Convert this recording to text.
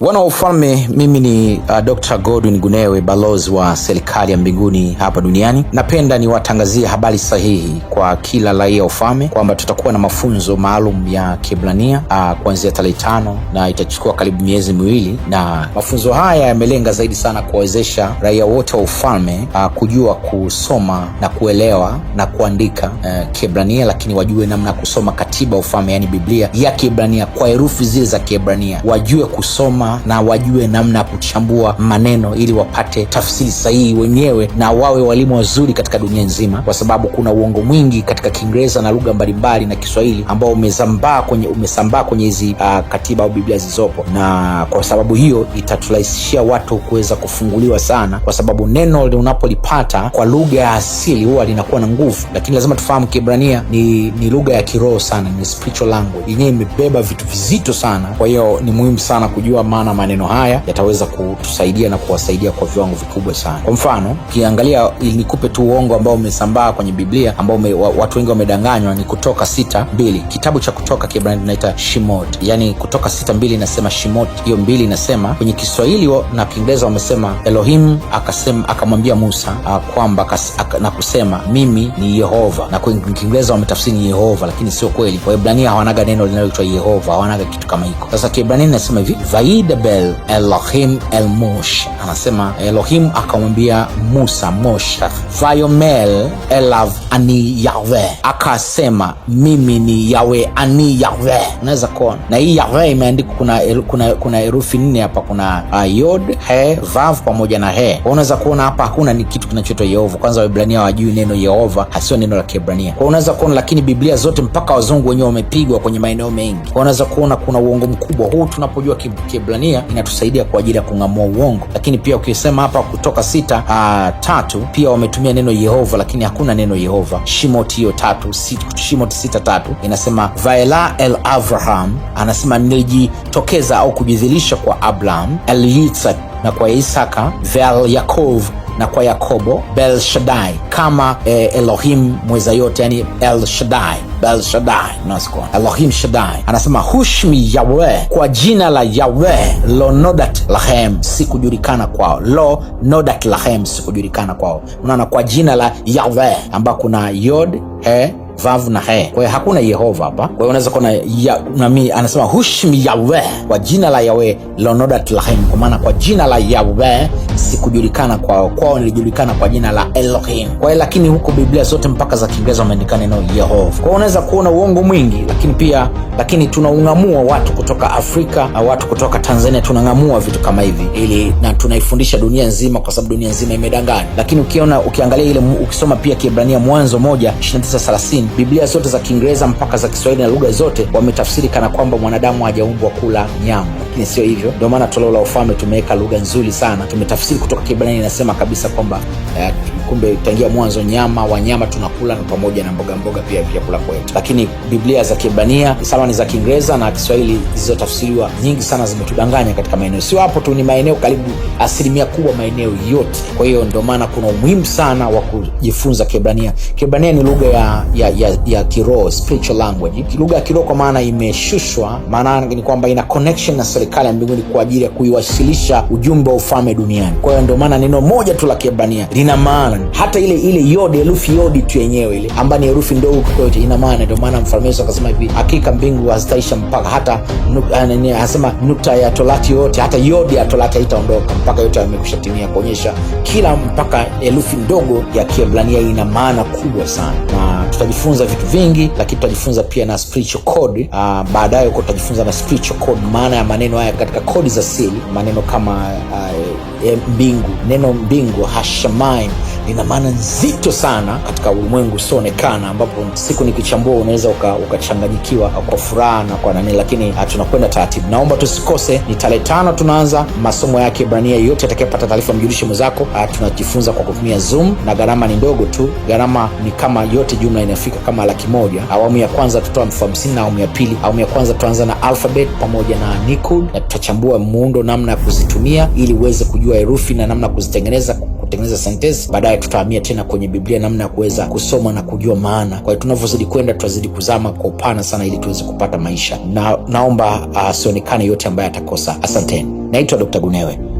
Bwana wa ufalme, mimi ni uh, Dr. Godwin Gunewe, balozi wa serikali ya mbinguni hapa duniani. Napenda niwatangazie habari sahihi kwa kila raia wa ufalme kwamba tutakuwa na mafunzo maalum ya Kiebrania uh, kuanzia tarehe tano na itachukua karibu miezi miwili, na mafunzo haya yamelenga zaidi sana kuwawezesha raia wote wa ufalme uh, kujua kusoma na kuelewa na kuandika uh, Kiebrania, lakini wajue namna ya kusoma katiba ya ufalme, yaani Biblia ya Kiebrania kwa herufi zile za Kiebrania, wajue kusoma kusoma na wajue namna ya kuchambua maneno ili wapate tafsiri sahihi wenyewe na wawe walimu wazuri katika dunia nzima, kwa sababu kuna uongo mwingi katika Kiingereza na lugha mbalimbali na Kiswahili ambao umesambaa kwenye umesambaa kwenye hizi uh, katiba au Biblia zilizopo, na kwa sababu hiyo itaturahisishia watu kuweza kufunguliwa sana, kwa sababu neno unapolipata kwa lugha ya asili huwa linakuwa na nguvu, lakini lazima tufahamu Kiebrania ni, ni lugha ya kiroho sana, ni spiritual language yenyewe imebeba vitu vizito sana. Kwa hiyo ni muhimu sana kujua maana maneno haya yataweza kutusaidia na kuwasaidia kwa viwango vikubwa sana. Kwa mfano, ukiangalia nikupe tu uongo ambao umesambaa kwenye Biblia ambao ume, watu wengi wamedanganywa ni Kutoka sita mbili. Kitabu cha Kutoka Kiebrania tunaita Shemot, yaani Kutoka sita mbili inasema shimot hiyo mbili inasema kwenye Kiswahili na Kiingereza wamesema Elohim akamwambia Musa ah, kwamba na kusema mimi ni Yehova, na kwenye Kiingereza wametafsiri ni Yehova, lakini sio kweli. Waebrania hawanaga neno linaloitwa Yehova, hawanaga kitu kama hiko. Sasa Kiebrania inasema hivi Idabel Elohim El Mosh, anasema Elohim akamwambia Musa, Mosh vayomel elav ani yawe, akasema mimi ni yawe ani yawe. Unaweza kuona na hii yawe imeandikwa, kuna kuna kuna herufi nne hapa, kuna uh, yod he vav pamoja na he. Unaweza kuona hapa hakuna ni kitu kinachoitwa Yehova. Kwanza Waebrania hawajui neno Yehova, hasio neno la Kiebrania kwa unaweza kuona, lakini Biblia zote mpaka wazungu wenyewe wamepigwa kwenye maeneo mengi. Unaweza kuona kuna uongo mkubwa huu tunapojua Kiebrania Kiibrania inatusaidia kwa ajili ya kung'amua uongo. Lakini pia ukisema hapa Kutoka sita a, ah, tatu pia wametumia neno Yehova, lakini hakuna neno Yehova. Shimoti hiyo tatu Shimoti sita tatu inasema vaela el Abraham, anasema nilijitokeza au kujidhilisha kwa Abraham el na kwa Isaka vel Yakov na kwa Yakobo belshadai kama eh, Elohim mweza yote, yani elshadai Shaddai, Elohim anasema hushmi yawe kwa jina la yawe lo nodat lahem, sikujulikana kwao, lo nodat lahem, sikujulikana kwao. Unaona, kwa jina la yawe ambao kuna yod he vavu na he. Kwa hiyo hakuna Yehova hapa. Kwa hiyo unaweza kuona nami anasema hushm yawe kwa jina la yawe lonodat lahim, kwa maana kwa jina la yawe sikujulikana kwao, kwao nilijulikana kwa jina la Elohim. Kwa hiyo lakini huko Biblia zote mpaka za Kiingereza wameandika neno Yehova. Kwa hiyo unaweza kuona uongo mwingi, lakini pia lakini tunaung'amua watu kutoka Afrika na watu kutoka Tanzania, tunang'amua vitu kama hivi ili na tunaifundisha dunia nzima, kwa sababu dunia nzima imedangani Lakini ukiona ukiangalia ile ukisoma pia Kiebrania Mwanzo moja 29:30 Biblia zote za Kiingereza mpaka za Kiswahili na lugha zote wametafsiri kana kwamba mwanadamu hajaumbwa kula nyama, lakini sio hivyo. Ndio maana toleo la ufalme tumeweka lugha nzuri sana, tumetafsiri kutoka Kiebrania, inasema kabisa kwamba eh, kumbe tangia mwanzo nyama wanyama tunakula na pamoja na mboga mboga pia vyakula kwetu. Lakini Biblia za kibania sawa za Kiingereza na Kiswahili zilizotafsiriwa nyingi sana zimetudanganya katika maeneo, sio hapo tu, ni maeneo karibu asilimia kubwa maeneo yote. Kwa hiyo ndio maana kuna umuhimu sana wa kujifunza kibania kibania ni lugha ya, ya, ya, ya kiroho, spiritual language, lugha ya kiroho kwa maana imeshushwa, maana ni kwamba ina connection na serikali ya mbinguni kwa ajili ya kuiwasilisha ujumbe wa ufalme duniani. Kwa hiyo ndio maana neno moja tu la kibania lina maana 1 hata ile ile yodi herufi yodi tu yenyewe ile ambayo ni herufi ndogo kote, ina maana. Ndio maana mfalme Yesu akasema hivi, hakika mbingu hazitaisha mpaka hata ah, anasema nukta ya tolati yote, hata yodi ya tolati haitaondoka mpaka yote yamekwisha timia, kuonyesha kila mpaka herufi ndogo ya Kiebrania ina maana kubwa sana, na tutajifunza vitu vingi, lakini tutajifunza pia na spiritual code uh, baadaye huko tutajifunza na spiritual code, maana ya maneno haya katika kodi za siri, maneno kama uh, mbingu, neno mbingu hashamayim lina maana nzito sana katika ulimwengu usioonekana, ambapo siku nikichambua unaweza ukachanganyikiwa uka kwa furaha na kwa nani, lakini ah, tunakwenda taratibu. Naomba tusikose, ni tarehe tano tunaanza masomo ya Kiebrania. Yote atakayepata taarifa mjulishe mwenzako. Ah, tunajifunza kwa kutumia Zoom na gharama ni ndogo tu, gharama ni kama yote jumla inafika kama laki moja. Awamu ya kwanza tutoa elfu hamsini na awamu ya pili, awamu ya kwanza tutaanza na alfabet pamoja na Unicode, na tutachambua muundo, namna ya kuzitumia ili uweze kujua herufi na namna ya kuzitengeneza kutengeneza sentensi Baadaye tutahamia tena kwenye Biblia, namna ya kuweza kusoma na kujua maana. Kwa hiyo tunavyozidi kwenda, tutazidi kuzama kwa upana sana, ili tuweze kupata maisha, na naomba asionekane ah, uh, yote ambaye atakosa. Asanteni, naitwa Dr. Gunewe.